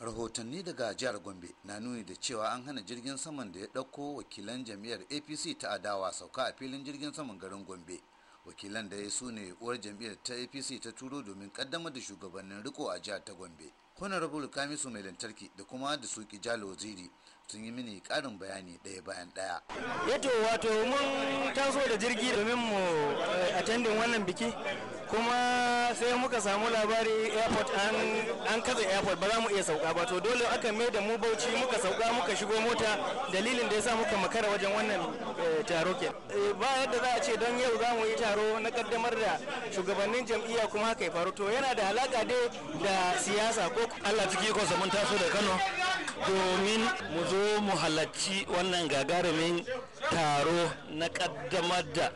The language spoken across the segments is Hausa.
rahotanni daga jihar gombe na nuni da cewa an hana jirgin saman da ya ɗauko wakilan jam'iyyar apc ta adawa sauka a filin jirgin saman garin gombe wakilan da ya ne uwar jam'iyyar ta apc ta turo domin kaddamar da shugabannin riko a jihar ta gombe honorable kamisu mai lantarki da kuma da suki jalo ziri sun yi mini karin bayani ɗaya bayan ɗaya. yato wato mun taso da jirgi domin mu eh, attending wannan biki kuma sai muka samu labari airport an katse airport ba za mu iya sauka ba to dole aka mai da mu bauchi muka sauka muka shigo mota dalilin da ya sa muka makara wajen wannan eh, taro ke eh, ba yadda za a ce don yau za mu yi taro na kaddamar da shugabannin jam'iyya kuma haka ya faru to yana da alaka dai da siyasa ko Allah ciki ko mun taso da Kano domin mu zo mu halarci wannan gagarumin taro na kaddamar da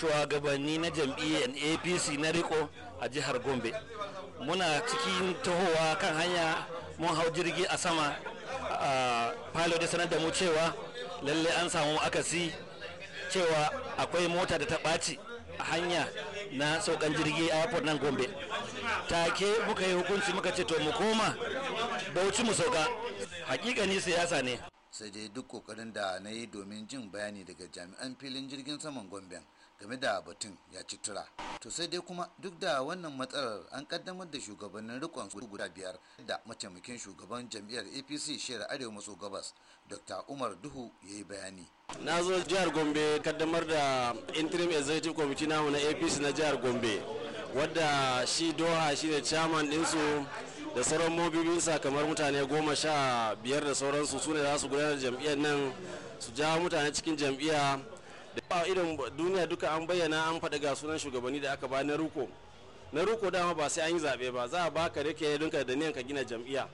shugabanni na jam'iyyar apc na riko a jihar gombe muna cikin tahowa kan hanya mun hau jirgi a sama a falo da sanar da mu cewa lalle an samu akasi cewa akwai mota da ta ɓaci a hanya na saukan jirgi a airport nan gombe take muka yi hukunci muka ce to mu koma bauchi mu sauka hakikani siyasa ne sai dai duk kokarin da na yi domin jin bayani daga jami'an filin jirgin saman gombe game da batun ya ci tura to sai dai kuma duk da wannan matsalar an kaddamar da shugabannin rikon su guda biyar da mataimakin shugaban jam'iyyar apc shehar arewa maso gabas dr umar duhu ya yi bayani na zo jihar gombe kaddamar da interim executive committee na apc na jihar gombe wadda shi doha shine chairman ɗinsu da sauran mobibinsa kamar mutane goma sha biyar da sauransu su ne za su gudanar jam'iyyar nan su jawo mutane cikin jam'iyya da ba irin duniya duka an bayyana an faɗi ga sunan shugabanni da aka ba na ruko na ruko dama ba sai an yi zaɓe ba za a ba baka rike dunka da niyan ka gina jam'iyya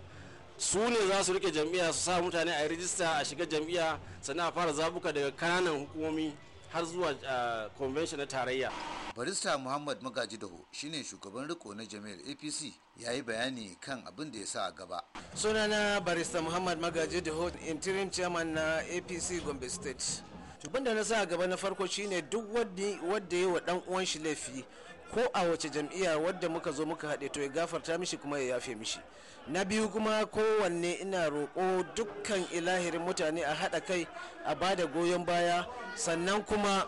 su ne za su rike jam'iyya su sa mutane a yi rijista a shiga jam'iyya sannan a fara zabuka daga kananan hukumomi har zuwa convention na tarayya barista muhammad magaji daho shi ne shugaban riko na jami'ar apc ya yi bayani kan abin da ya sa a gaba sunana barista muhammad magaji daho interim chairman na apc gombe state tubin da na sa gaba na farko shine duk wadda ya wa dan uwan shi laifi ko a wace jam'iyya wadda muka zo muka haɗe to ya gafarta mishi kuma ya yafe mishi na biyu kuma kowanne ina roƙo dukkan ilahirin mutane a haɗa kai a ba da goyon baya sannan kuma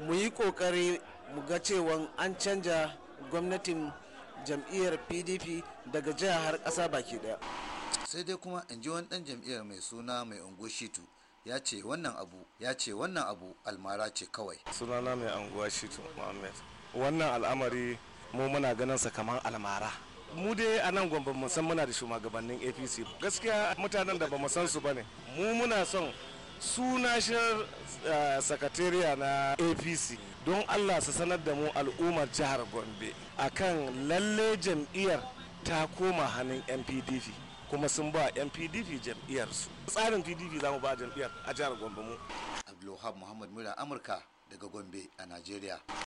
mu yi ƙoƙari mu ga cewa an canja gwamnatin jam'iyyar pdp daga jihar har ƙasa baki ɗaya sai dai kuma in ji wani dan jam'iyyar mai suna mai unguwar ya ce wannan abu ya ce wannan abu almara ce kawai sunana mai anguwa shitu muhammad wannan al'amari mu muna ganin sa kamar almara mu dai a nan gwamban mu san muna da shugabannin apc gaskiya mutanen da ba mu san su bane mu muna son suna eh, sakatariya na apc don allah su sanar da mu al'ummar jihar gombe akan lalle jam'iyyar ta koma hannun npdp kuma sun ba 'yan pdp jam'iyyarsu tsarin pdp za mu ba jam'iyyar a jihar gombe mu abdulwahab muhammad mura amurka daga gombe a najeriya